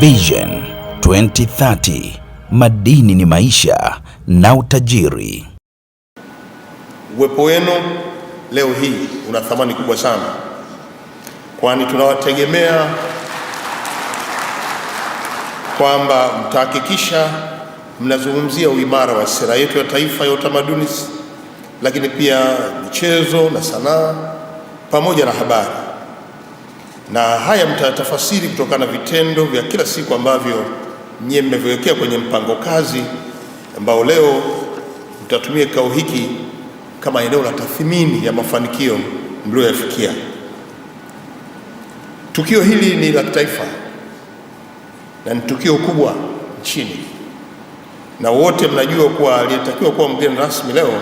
Vision 2030 madini ni maisha na utajiri. Uwepo wenu leo hii una thamani kubwa sana, kwani tunawategemea kwamba mtahakikisha mnazungumzia uimara wa sera yetu ya taifa ya utamaduni, lakini pia michezo na sanaa pamoja na habari na haya mtatafasiri kutokana na vitendo vya kila siku ambavyo nyie mmevyowekea kwenye mpango kazi ambao leo mtatumia kikao hiki kama eneo la tathmini ya mafanikio mlioyafikia. Tukio hili ni la kitaifa na ni tukio kubwa nchini, na wote mnajua kuwa aliyetakiwa kuwa mgeni rasmi leo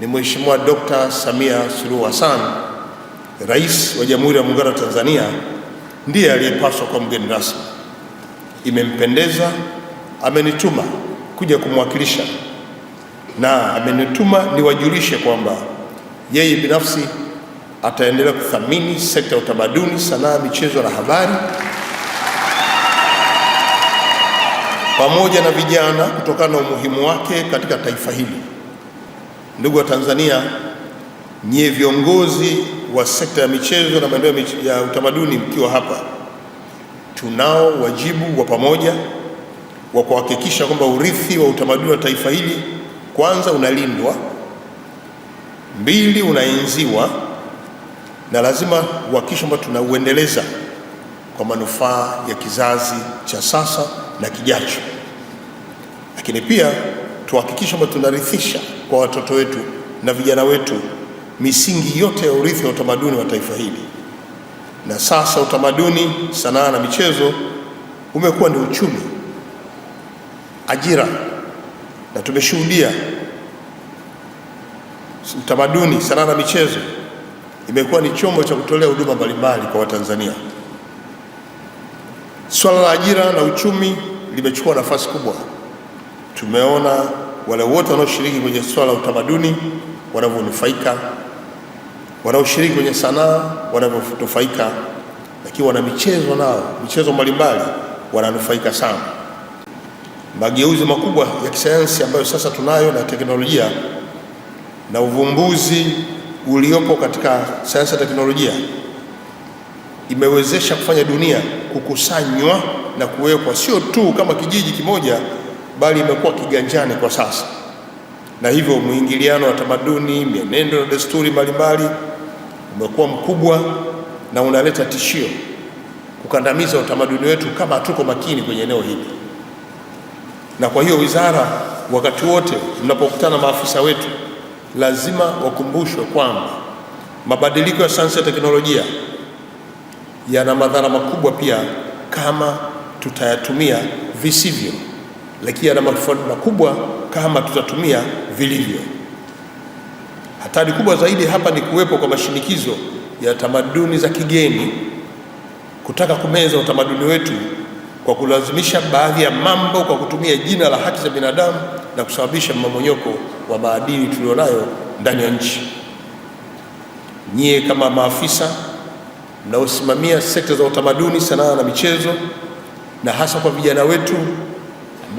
ni Mheshimiwa Dr. Samia Suluhu Hassan Rais wa Jamhuri ya Muungano wa Tanzania ndiye aliyepaswa kuwa mgeni rasmi. Imempendeza, amenituma kuja kumwakilisha na amenituma niwajulishe kwamba yeye binafsi ataendelea kuthamini sekta ya utamaduni, sanaa, michezo na habari pamoja na vijana kutokana na umuhimu wake katika taifa hili. Ndugu wa Tanzania, nyie viongozi wa sekta ya michezo na maendeleo ya utamaduni, mkiwa hapa, tunao wajibu wa pamoja wa kuhakikisha kwamba urithi wa utamaduni wa taifa hili kwanza unalindwa, mbili unaenziwa, na lazima uhakikisha kwamba tunauendeleza kwa manufaa ya kizazi cha sasa na kijacho, lakini pia tuhakikishe kwamba tunarithisha kwa watoto wetu na vijana wetu misingi yote ya urithi wa utamaduni wa taifa hili. Na sasa utamaduni, sanaa na michezo umekuwa ni uchumi, ajira, na tumeshuhudia utamaduni, sanaa na michezo imekuwa ni chombo cha kutolea huduma mbalimbali kwa Watanzania. Swala la ajira na uchumi limechukua nafasi kubwa. Tumeona wale wote wanaoshiriki kwenye swala la utamaduni wanavyonufaika wanaoshiriki kwenye sanaa wanavyonufaika, lakini wana michezo nao, michezo mbalimbali wananufaika sana. Mageuzi makubwa ya kisayansi ambayo sasa tunayo na teknolojia na uvumbuzi uliopo katika sayansi na teknolojia imewezesha kufanya dunia kukusanywa na kuwekwa sio tu kama kijiji kimoja, bali imekuwa kiganjani kwa sasa na hivyo mwingiliano wa tamaduni, mienendo na desturi mbalimbali umekuwa mkubwa na unaleta tishio kukandamiza utamaduni wetu kama hatuko makini kwenye eneo hili. Na kwa hiyo wizara, wakati wote mnapokutana maafisa wetu, lazima wakumbushwe kwamba mabadiliko ya sayansi ya teknolojia yana madhara makubwa pia kama tutayatumia visivyo lakini yana manufaa makubwa kama tutatumia vilivyo. Hatari kubwa zaidi hapa ni kuwepo kwa mashinikizo ya tamaduni za kigeni kutaka kumeza utamaduni wetu kwa kulazimisha baadhi ya mambo kwa kutumia jina la haki za binadamu na kusababisha mmomonyoko wa maadili tulionayo ndani ya nchi. Nyie kama maafisa mnaosimamia sekta za utamaduni, sanaa na michezo, na hasa kwa vijana wetu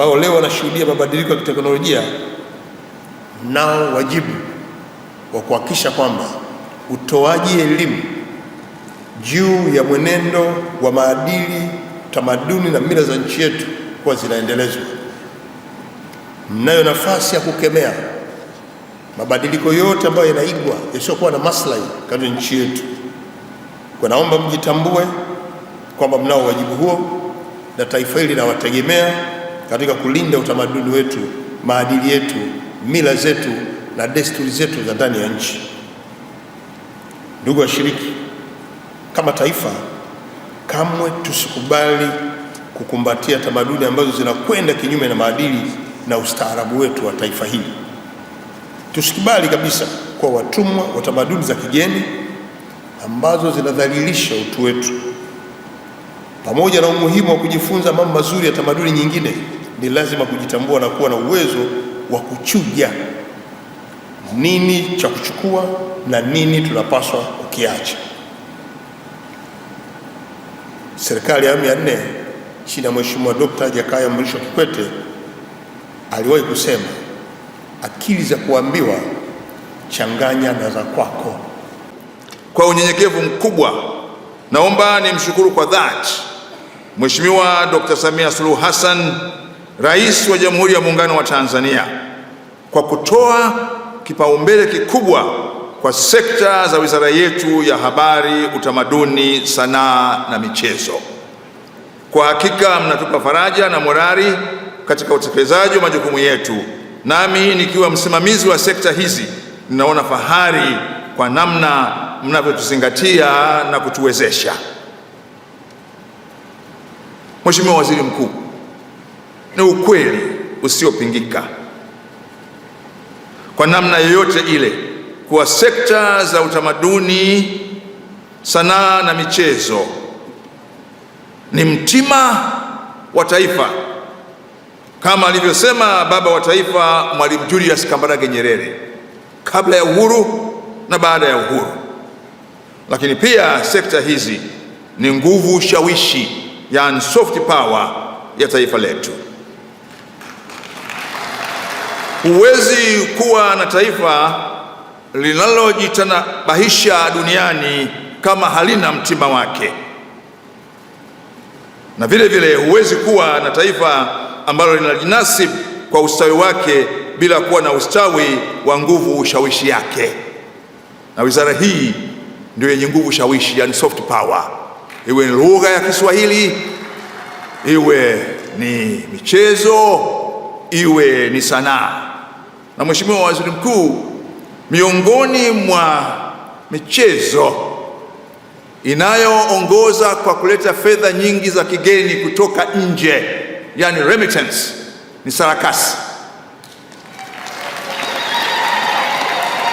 ambao leo wanashuhudia mabadiliko ya kiteknolojia nao wajibu wa kuhakikisha kwamba utoaji elimu juu ya mwenendo wa maadili, tamaduni na mila za nchi yetu kuwa zinaendelezwa. Mnayo nafasi ya kukemea mabadiliko yote ambayo yanaigwa yasiyokuwa na maslahi katika nchi yetu. Kwa naomba mjitambue kwamba mnao wajibu huo na taifa hili linawategemea katika kulinda utamaduni wetu, maadili yetu, mila zetu na desturi zetu za ndani ya nchi. Ndugu washiriki, kama taifa kamwe tusikubali kukumbatia tamaduni ambazo zinakwenda kinyume na maadili na ustaarabu wetu wa taifa hili. Tusikubali kabisa kuwa watumwa wa tamaduni za kigeni ambazo zinadhalilisha utu wetu. Pamoja na umuhimu wa kujifunza mambo mazuri ya tamaduni nyingine ni lazima kujitambua na kuwa na uwezo wa kuchuja nini cha kuchukua na nini tunapaswa kukiacha. Serikali ya awamu ya nne chini ya Mheshimiwa Dkt. Jakaya Mrisho Kikwete aliwahi kusema, akili za kuambiwa changanya na za kwako. Kwa unyenyekevu mkubwa, naomba nimshukuru kwa dhati Mheshimiwa Dkt. Samia Suluhu Hassan Rais wa Jamhuri ya Muungano wa Tanzania kwa kutoa kipaumbele kikubwa kwa sekta za wizara yetu ya habari, utamaduni, sanaa na michezo. Kwa hakika mnatupa faraja na morali katika utekelezaji wa majukumu yetu, nami nikiwa msimamizi wa sekta hizi ninaona fahari kwa namna mnavyotuzingatia na kutuwezesha. Mheshimiwa Waziri Mkuu, ni ukweli usiopingika kwa namna yoyote ile kuwa sekta za utamaduni, sanaa na michezo ni mtima wa taifa kama alivyosema baba wa taifa Mwalimu Julius Kambarage Nyerere kabla ya uhuru na baada ya uhuru. Lakini pia sekta hizi ni nguvu shawishi, yani soft power ya taifa letu. Huwezi kuwa na taifa linalojitanabahisha duniani kama halina mtima wake, na vile vile huwezi kuwa na taifa ambalo linajinasib kwa ustawi wake bila kuwa na ustawi wa nguvu shawishi yake, na wizara hii ndio yenye nguvu shawishi, yani soft power, iwe ni lugha ya Kiswahili, iwe ni michezo, iwe ni sanaa na Mheshimiwa Waziri Mkuu, miongoni mwa michezo inayoongoza kwa kuleta fedha nyingi za kigeni kutoka nje, yani remittance, ni sarakasi.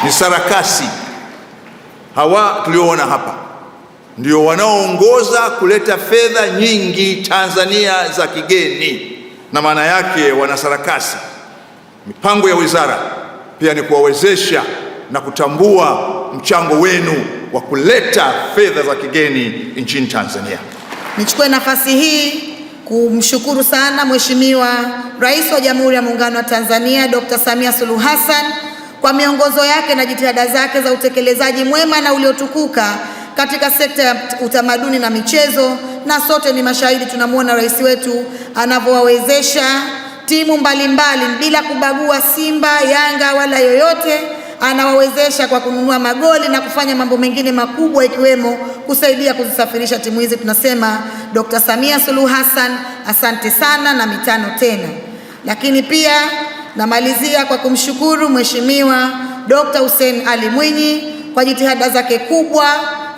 Ni sarakasi. Hawa tulioona hapa ndio wanaoongoza kuleta fedha nyingi Tanzania za kigeni, na maana yake wana sarakasi. Mipango ya wizara pia ni kuwawezesha na kutambua mchango wenu wa kuleta fedha za kigeni nchini Tanzania. Nichukue nafasi hii kumshukuru sana Mheshimiwa Rais wa Jamhuri ya Muungano wa Tanzania Dr. Samia Suluhu Hassan kwa miongozo yake na jitihada zake za utekelezaji mwema na uliotukuka katika sekta ya utamaduni na michezo, na sote ni mashahidi, tunamwona rais wetu anavyowawezesha timu mbalimbali mbali, bila kubagua Simba, Yanga wala yoyote, anawawezesha kwa kununua magoli na kufanya mambo mengine makubwa ikiwemo kusaidia kuzisafirisha timu hizi. Tunasema Dr. Samia Suluhu Hassan asante sana na mitano tena. Lakini pia namalizia kwa kumshukuru Mheshimiwa Dr. Hussein Ali Mwinyi kwa jitihada zake kubwa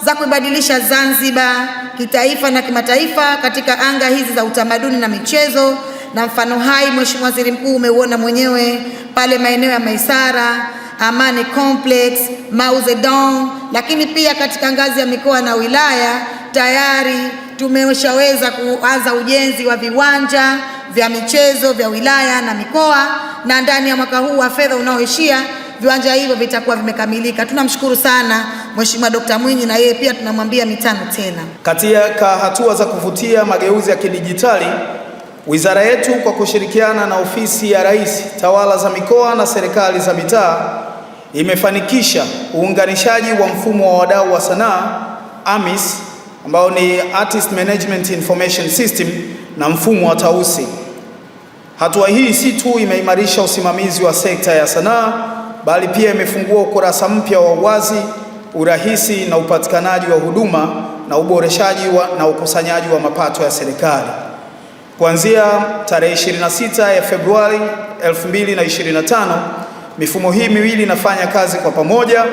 za kuibadilisha Zanzibar kitaifa na kimataifa katika anga hizi za utamaduni na michezo na mfano hai Mheshimiwa Waziri Mkuu umeuona mwenyewe pale maeneo ya Maisara, Amani Complex, Mauzedong, lakini pia katika ngazi ya mikoa na wilaya tayari tumeshaweza kuanza ujenzi wa viwanja vya michezo vya wilaya na mikoa, na ndani ya mwaka huu wa fedha unaoishia viwanja hivyo vitakuwa vimekamilika. Tunamshukuru sana Mheshimiwa Dkt. Mwinyi na yeye pia tunamwambia mitano tena. Katika hatua za kuvutia mageuzi ya kidijitali Wizara yetu kwa kushirikiana na Ofisi ya Rais, Tawala za Mikoa na Serikali za Mitaa imefanikisha uunganishaji wa mfumo wa wadau wa sanaa AMIS ambao ni Artist Management Information System na mfumo wa Tausi. Hatua hii si tu imeimarisha usimamizi wa sekta ya sanaa bali pia imefungua ukurasa mpya wa uwazi, urahisi na upatikanaji wa huduma na uboreshaji wa, na ukusanyaji wa mapato ya serikali. Kuanzia tarehe 26 ya Februari 2025 mifumo hii miwili inafanya kazi kwa pamoja,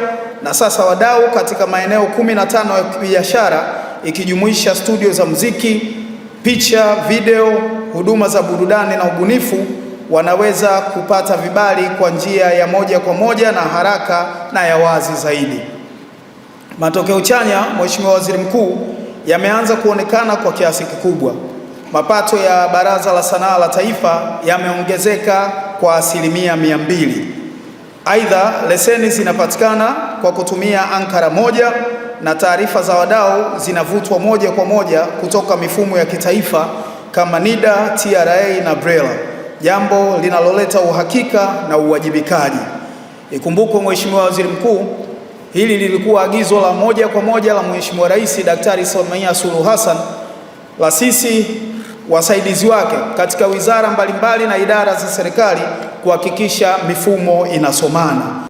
na sasa wadau katika maeneo 15 ya biashara ikijumuisha studio za muziki, picha, video, huduma za burudani na ubunifu wanaweza kupata vibali kwa njia ya moja kwa moja na haraka na ya wazi zaidi. Matokeo chanya, Mheshimiwa Waziri Mkuu, yameanza kuonekana kwa kiasi kikubwa. Mapato ya Baraza la Sanaa la Taifa yameongezeka kwa asilimia mia mbili. Aidha, leseni zinapatikana kwa kutumia ankara moja na taarifa za wadau zinavutwa moja kwa moja kutoka mifumo ya kitaifa kama NIDA, TRA na BRELA, jambo linaloleta uhakika na uwajibikaji. Ikumbukwe Mheshimiwa Waziri Mkuu, hili lilikuwa agizo la moja kwa moja la Mheshimiwa Rais Daktari Samia Suluhu Hassan la sisi wasaidizi wake katika wizara mbalimbali na idara za serikali kuhakikisha mifumo inasomana.